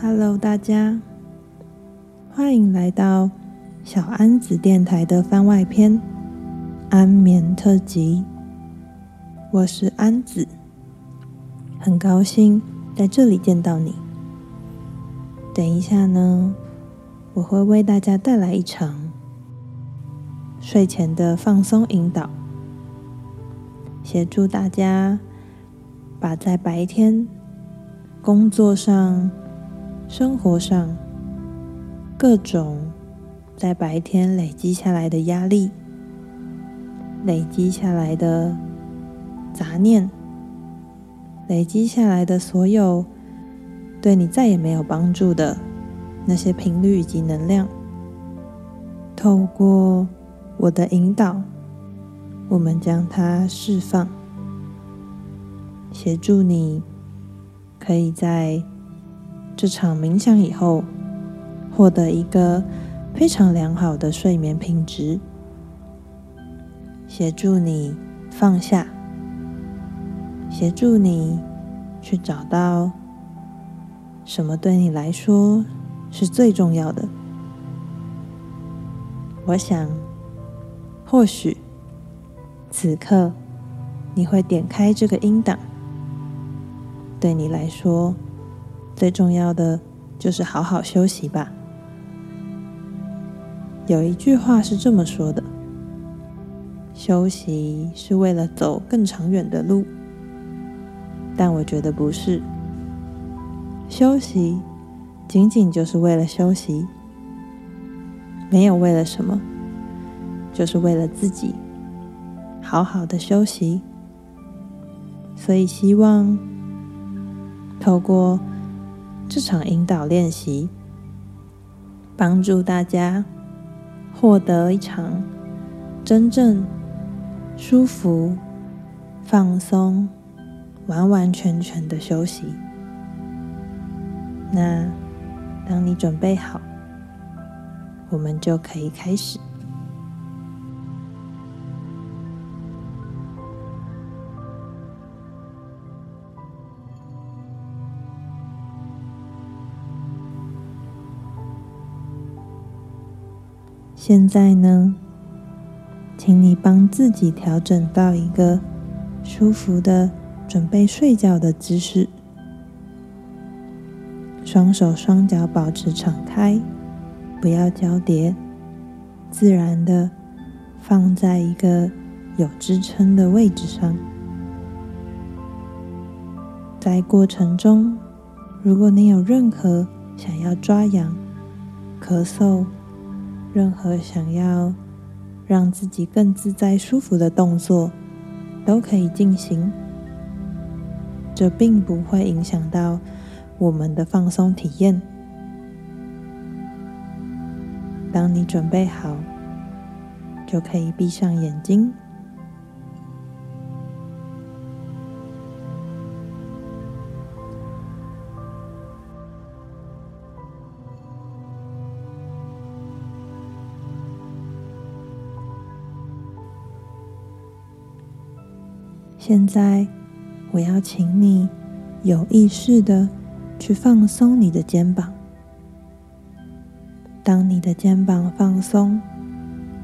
Hello，大家歡迎來到小安子電台的番外篇安眠特輯。我是安子，很高興在這裡見到你。等一下呢，我會為大家帶來一場睡前的放鬆引導，協助大家把在白天工作上。生活上各種在白天累積下來的壓力，累積下來的雜念，累積下來的所有對你再也沒有幫助的那些頻率以及能量，透過我的引導，我們將它釋放，協助你可以在。這場冥想以後，獲得一個非常良好的睡眠品質，協助你放下，協助你去找到什麼對你來說是最重要的。我想，或許此刻你會點開這個音檔，對你來說。最重要的就是好好休息吧。有一句話是這麼說的：“休息是為了走更長遠的路。”但我覺得不是，休息僅僅就是為了休息，沒有為了什麼，就是為了自己好好的休息。所以希望透過這場引導練習，幫助大家獲得一場真正舒服、放鬆、完完全全的休息。那，當你準備好，我們就可以開始。現在呢，請你幫自己調整到一個舒服的準備睡覺的姿勢，雙手雙腳保持敞開，不要交疊，自然的放在一個有支撐的位置上。在過程中，如果你有任何想要抓癢、咳嗽，任何想要讓自己更自在、舒服的動作都可以進行，這並不會影響到我們的放鬆體驗。當你準備好，就可以閉上眼睛。現在，我要請你有意識的去放鬆你的肩膀。當你的肩膀放鬆，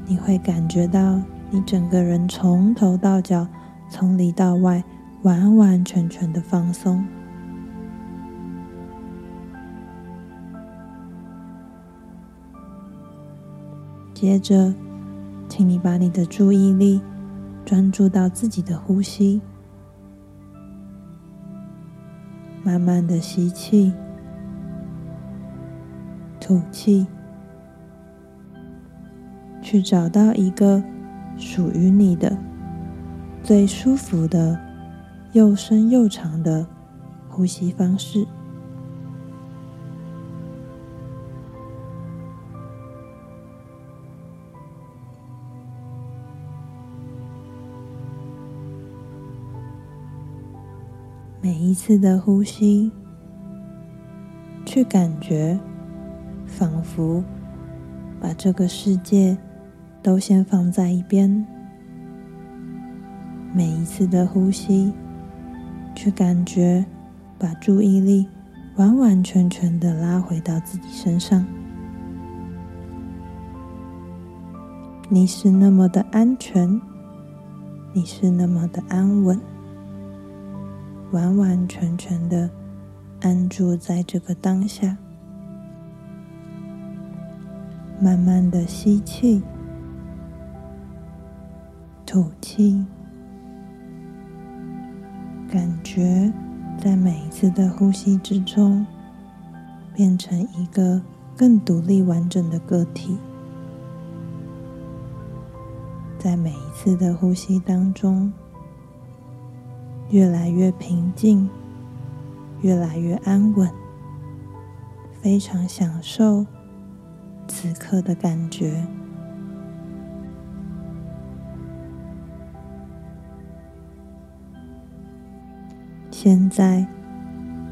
你會感覺到你整個人從頭到腳，從裡到外，完完全全的放鬆。接着，請你把你的注意力，專注到自己的呼吸，慢慢的吸氣，吐氣，去找到一個屬於你的最舒服的、又深又長的呼吸方式。每一次的呼吸，去感覺，仿佛把這個世界都先放在一邊。每一次的呼吸，去感覺，把注意力完完全全的拉回到自己身上。你是那麼的安全，你是那麼的安穩。完完全全的安住在這個當下，慢慢的吸氣、吐氣，感覺在每一次的呼吸之中，變成一個更獨立完整的個體，在每一次的呼吸當中。越來越平靜，越來越安穩，非常享受此刻的感覺。現在，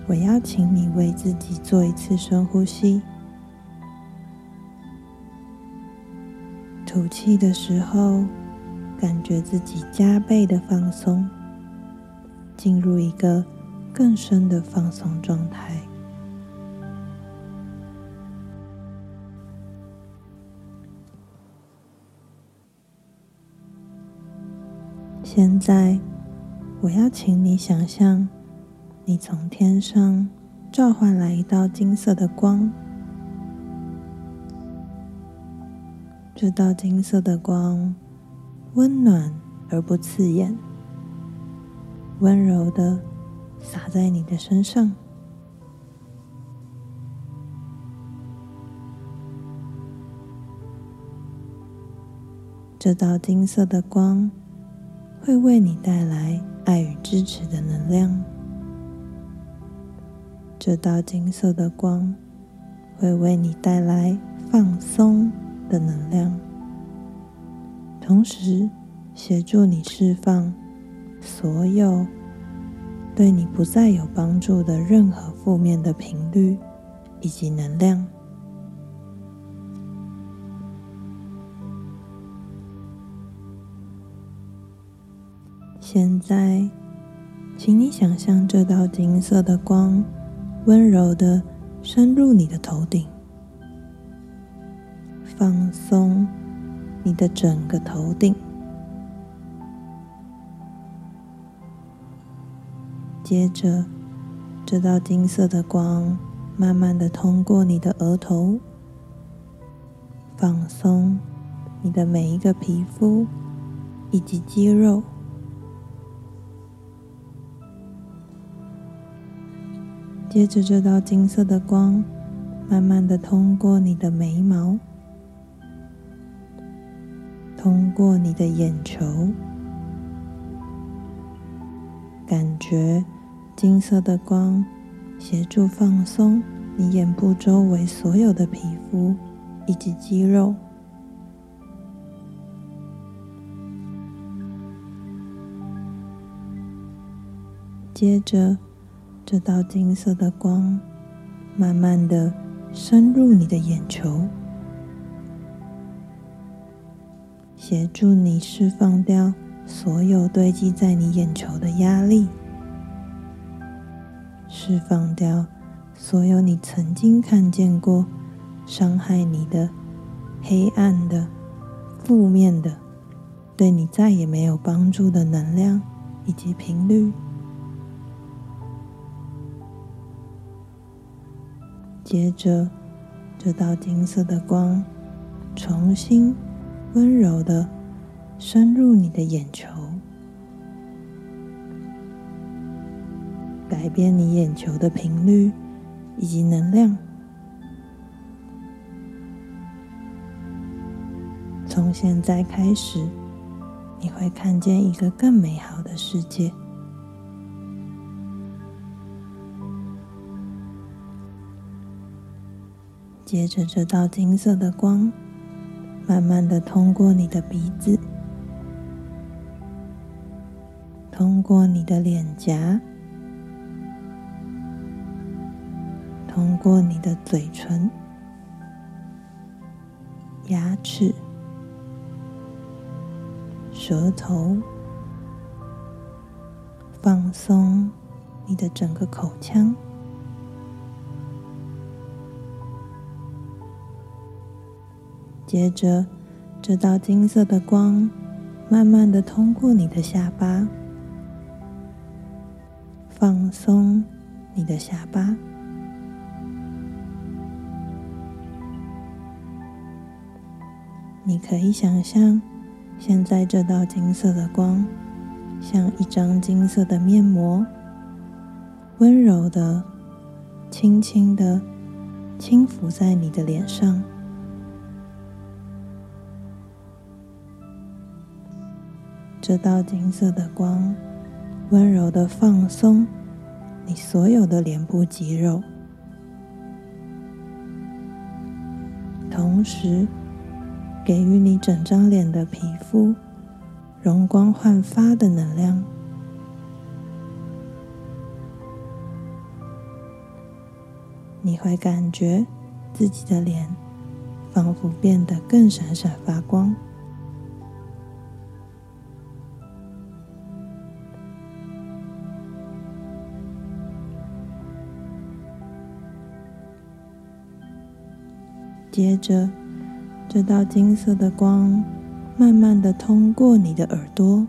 我邀請你為自己做一次深呼吸。吐氣的時候，感覺自己加倍的放鬆。進入一個更深的放鬆狀態。現在，我要請你想象，你從天上召喚來一道金色的光。這道金色的光溫暖而不刺眼。溫柔的灑在你的身上，這道金色的光會為你帶來愛與支持的能量。這道金色的光會為你帶來放鬆的能量，同時協助你釋放。所有對你不再有幫助的任何負面的頻率以及能量，現在，請你想象這道金色的光溫柔的深入你的頭頂，放鬆你的整個頭頂。接着，這道金色的光慢慢的通過你的額頭，放鬆你的每一個皮膚以及肌肉。接着，這道金色的光慢慢的通過你的眉毛，通過你的眼球，感覺。金色的光協助放鬆你眼部周圍所有的皮膚以及肌肉。接着，這道金色的光慢慢的深入你的眼球，協助你釋放掉所有堆積在你眼球的壓力。釋放掉所有你曾經看見過傷害你的、黑暗的、負面的、對你再也沒有幫助的能量以及頻率。接着，這道金色的光重新溫柔的深入你的眼球。改變你眼球的頻率以及能量。從現在開始，你會看見一個更美好的世界。接着，這道金色的光，慢慢的通過你的鼻子，通過你的臉頰，通過你的嘴唇、牙齒、舌頭，放鬆你的整個口腔。接着，這道金色的光慢慢的通過你的下巴，放鬆你的下巴。你可以想象，現在這道金色的光，像一張金色的面膜，溫柔的、輕輕的輕撫在你的臉上。這道金色的光，溫柔的放鬆你所有的臉部肌肉，同時，給予你整張臉的皮膚，容光煥發的能量，你會感覺自己的臉仿佛變得更閃閃發光。接着。這道金色的光，慢慢的通過你的耳朵，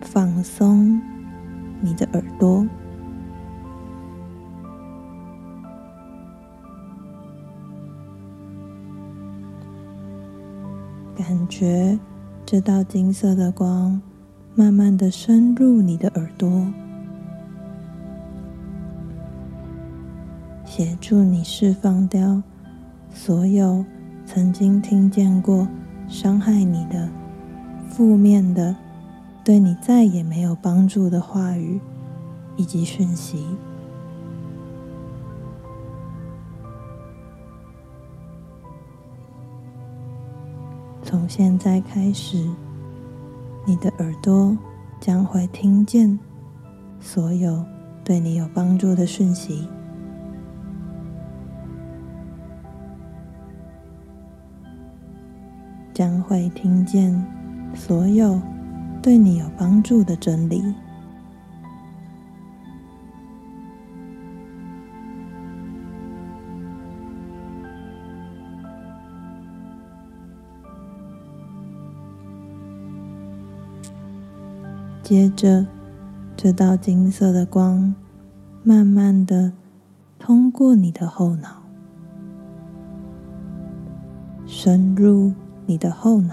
放鬆你的耳朵，感覺這道金色的光慢慢的深入你的耳朵，協助你釋放掉所有曾經聽見過傷害你的、負面的、對你再也沒有幫助的話語以及訊息，從現在開始，你的耳朵將會聽見所有對你有幫助的訊息。將會聽見所有對你有幫助的真理。接着，這道金色的光慢慢地通過你的後腦，深入。你的後腦，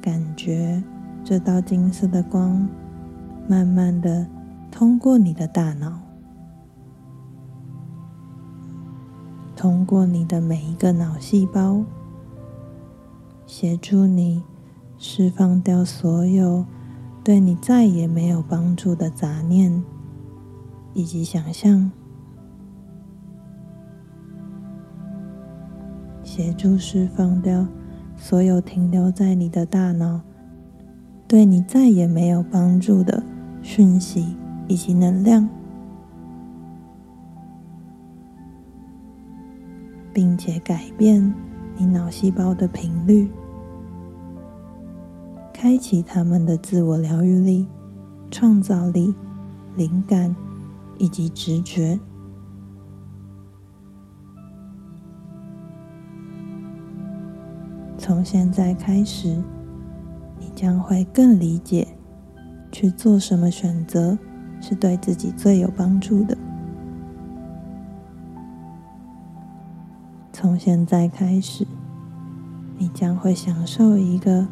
感覺這道金色的光，慢慢地通過你的大腦，通過你的每一個腦細胞，協助你釋放掉所有對你再也沒有幫助的雜念以及想象。協助釋放掉所有停留在你的大腦、對你再也沒有幫助的訊息以及能量，並且改變你腦細胞的頻率，開啟他們的自我療癒力、創造力、靈感以及直覺。從現在開始，你將會更理解去做什麼選擇是對自己最有幫助的。從現在開始，你將會享受一個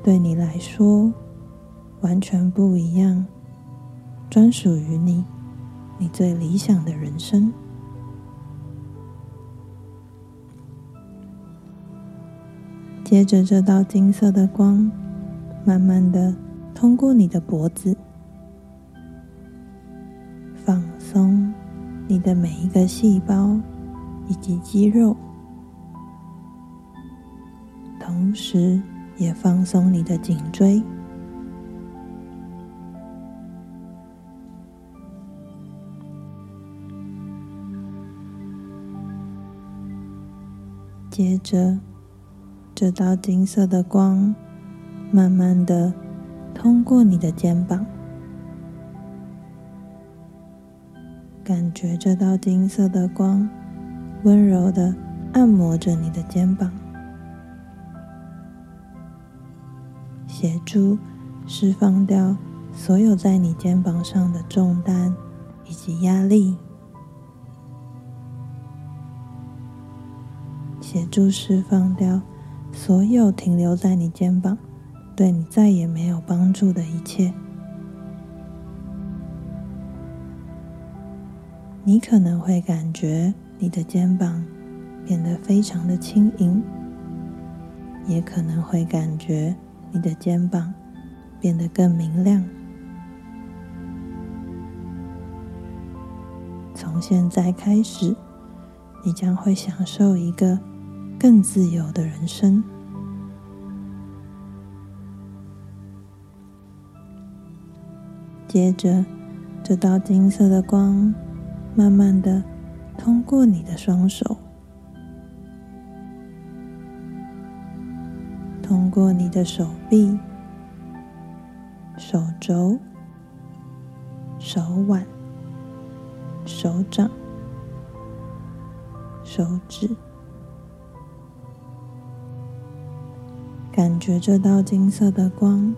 對你來說完全不一樣、專屬於你、你最理想的人生。接着，這道金色的光慢慢地通過你的脖子，放鬆你的每一個細胞以及肌肉，同時也放鬆你的頸椎。接着。這道金色的光，慢慢地通過你的肩膀，感覺這道金色的光溫柔地按摩着你的肩膀，協助釋放掉所有在你肩膀上的重擔以及壓力，協助釋放掉。所有停留在你肩膀，對你再也沒有幫助的一切，你可能會感覺你的肩膀變得非常的輕盈，也可能會感覺你的肩膀變得更明亮。從現在開始，你將會享受一個。更自由的人生。接着，這道金色的光，慢慢地通過你的雙手，通過你的手臂、手肘、手腕、手掌、手指。感覺這道金色的光，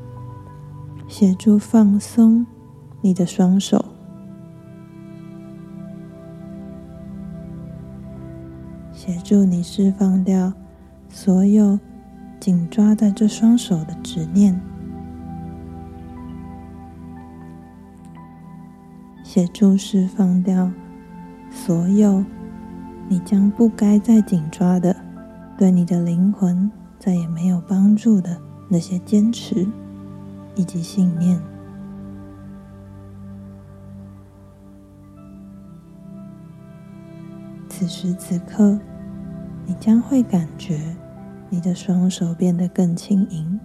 協助放鬆你的雙手，協助你釋放掉所有緊抓的這雙手的執念，協助釋放掉所有你將不該再緊抓的對你的靈魂。再也沒有幫助的那些堅持以及信念。此時此刻，你將會感覺你的雙手變得更輕盈。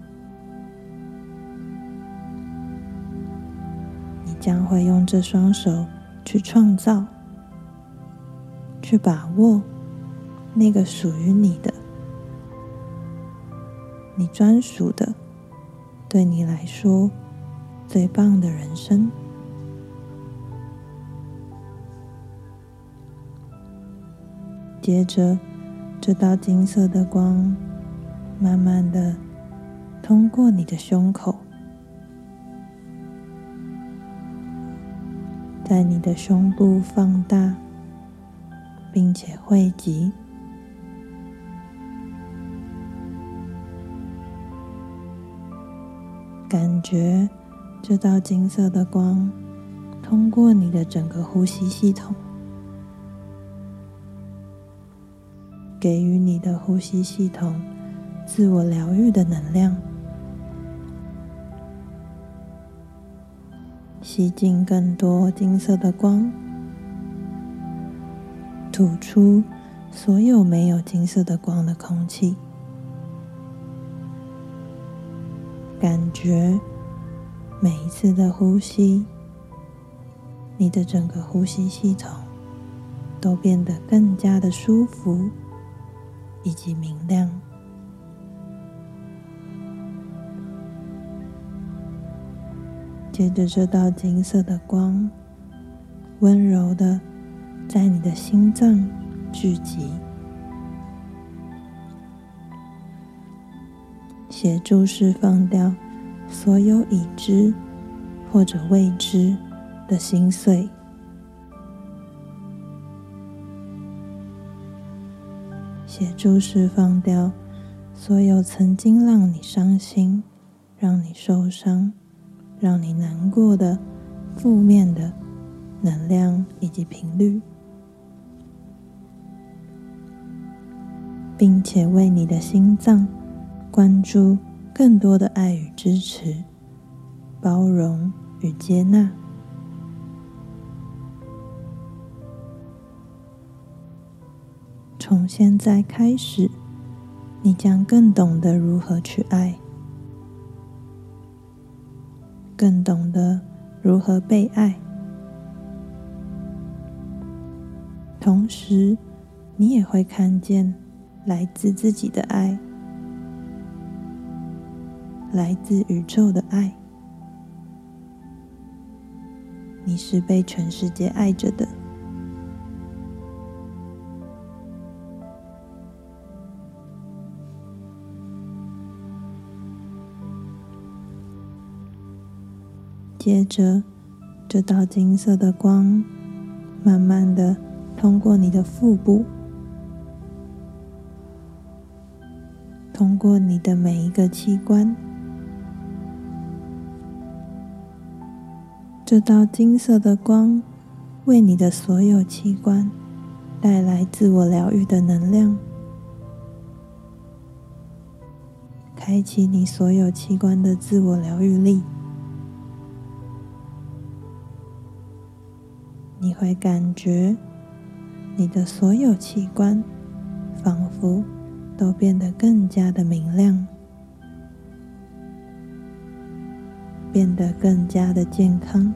你將會用這雙手去創造，去把握那個屬於你的。你專屬的，對你來說最棒的人生。接着，這道金色的光，慢慢地通過你的胸口，在你的胸部放大，並且匯集。感覺這道金色的光通過你的整個呼吸系統，給予你的呼吸系統自我療癒的能量，吸進更多金色的光，吐出所有沒有金色的光的空氣。感覺每一次的呼吸，你的整個呼吸系統都變得更加的舒服以及明亮。接着，這道金色的光溫柔的在你的心臟聚集。協助釋放掉所有已知或者未知的心碎，協助釋放掉所有曾經讓你傷心、讓你受傷、讓你難過的負面的能量以及頻率，並且為你的心臟。關注更多的愛與支持，包容與接納。從現在開始，你將更懂得如何去愛，更懂得如何被愛。同時，你也會看見來自自己的愛。來自宇宙的愛，你是被全世界愛着的。接着，這道金色的光，慢慢的通過你的腹部，通過你的每一個器官。這道金色的光為你的所有器官帶來自我療癒的能量，開啟你所有器官的自我療癒力。你會感覺你的所有器官仿佛都變得更加的明亮，變得更加的健康。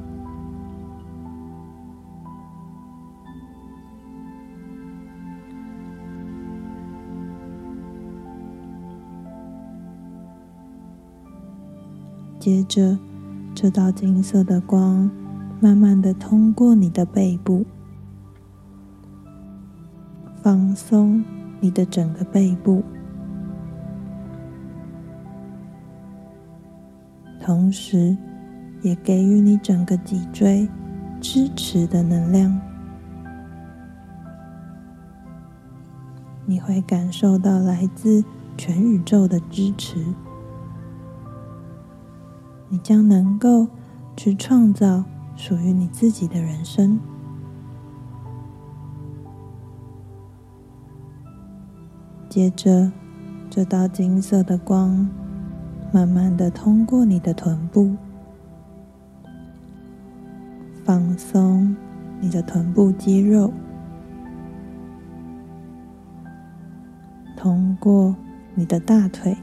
接着，這道金色的光慢慢地通過你的背部，放鬆你的整個背部，同時也給予你整個脊椎支持的能量。你會感受到來自全宇宙的支持。你將能夠去創造屬於你自己的人生。接着，這道金色的光慢慢的通過你的臀部，放鬆你的臀部肌肉，通過你的大腿。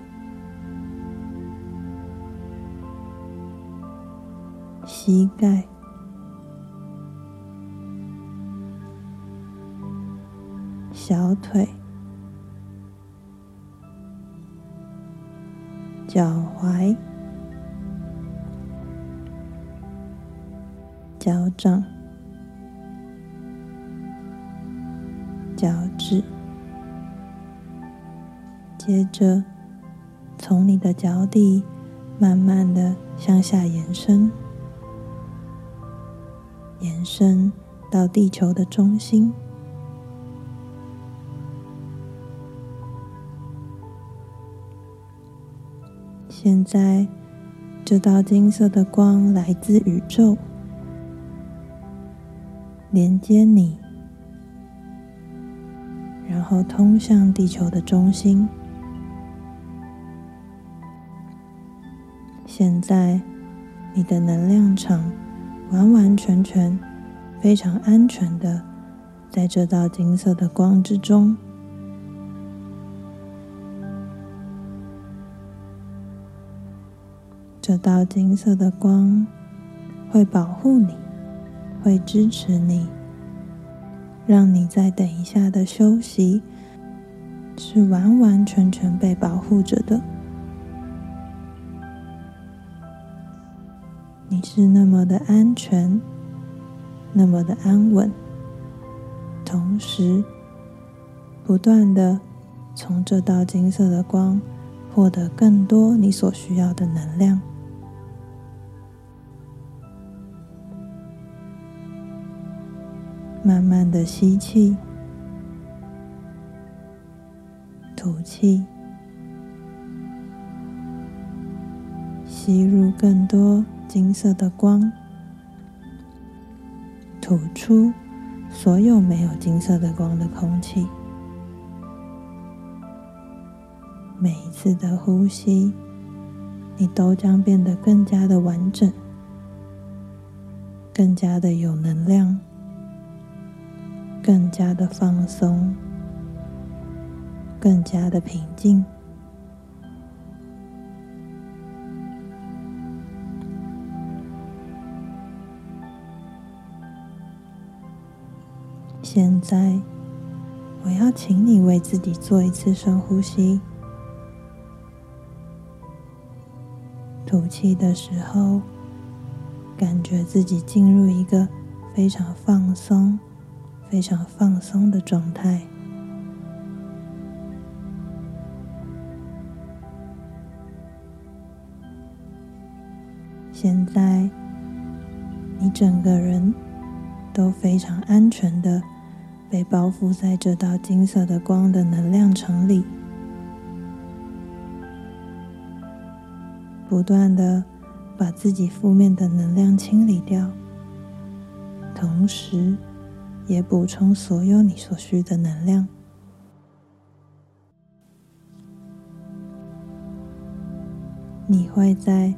膝蓋、小腿、腳踝、腳掌、腳趾，接着從你的腳底慢慢的向下延伸。延伸到地球的中心。現在，這道金色的光來自宇宙，連接你，然後通向地球的中心。現在，你的能量場。完完全全、非常安全的，在這道金色的光之中，這道金色的光會保護你，會支持你，讓你在等一下的休息是完完全全被保護着的。你是那麼的安全，那麼的安穩，同時不斷的從這道金色的光獲得更多你所需要的能量。慢慢的吸氣，吐氣，吸入更多。金色的光，吐出所有沒有金色的光的空氣。每一次的呼吸，你都將變得更加的完整，更加的有能量，更加的放鬆，更加的平靜。現在，我要請你為自己做一次深呼吸。吐氣的時候，感覺自己進入一個非常放鬆、非常放鬆的狀態。現在，你整個人都非常安全的。被包覆在這道金色的光的能量層裡，不斷的把自己負面的能量清理掉，同時也補充所有你所需的能量。你會在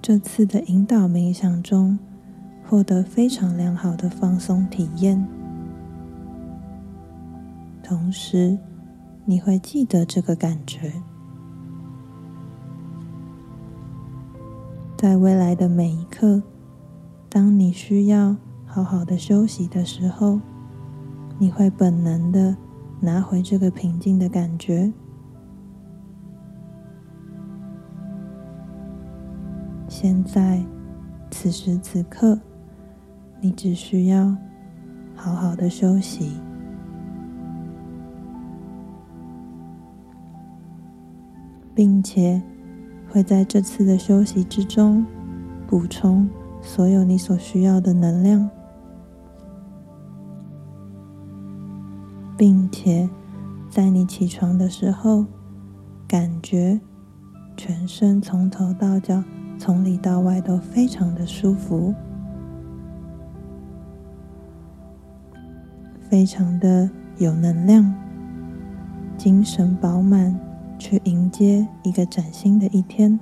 這次的引導冥想中獲得非常良好的放鬆體驗。同時，你會記得這個感覺，在未來的每一刻，當你需要好好的休息的時候，你會本能的拿回這個平靜的感覺。現在，此時此刻，你只需要好好的休息。並且會在這次的休息之中補充所有你所需要的能量，並且在你起床的時候，感覺全身從頭到腳、從裡到外都非常的舒服，非常的有能量，精神飽滿。去迎接一個嶄新的一天。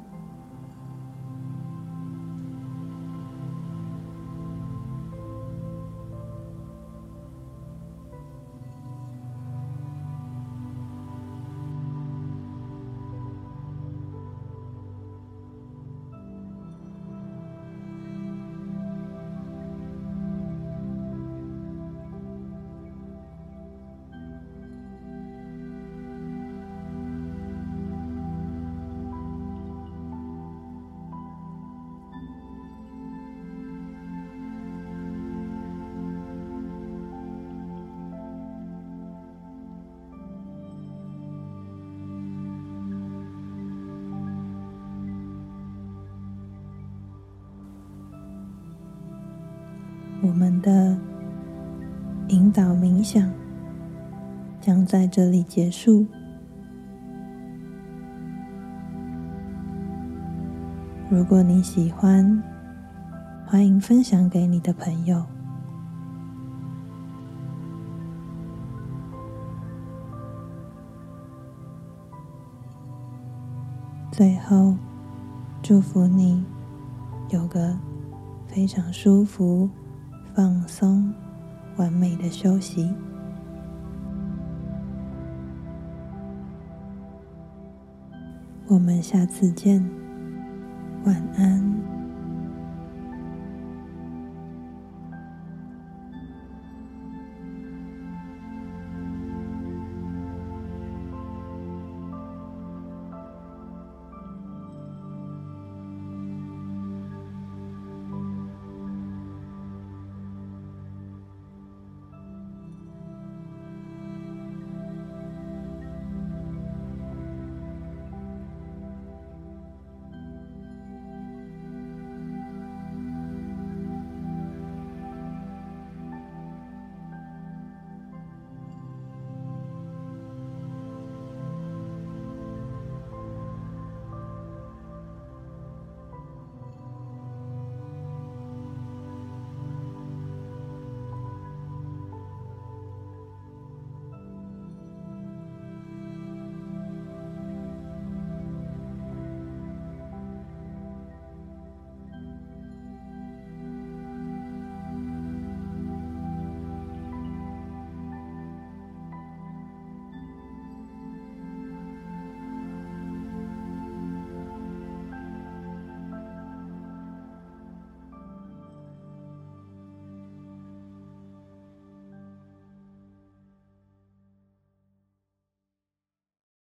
我們的引導冥想將在這裡結束。如果你喜歡，歡迎分享給你的朋友。最後，祝福你有個非常舒服。放鬆，完美的休息。我們下次見，晚安。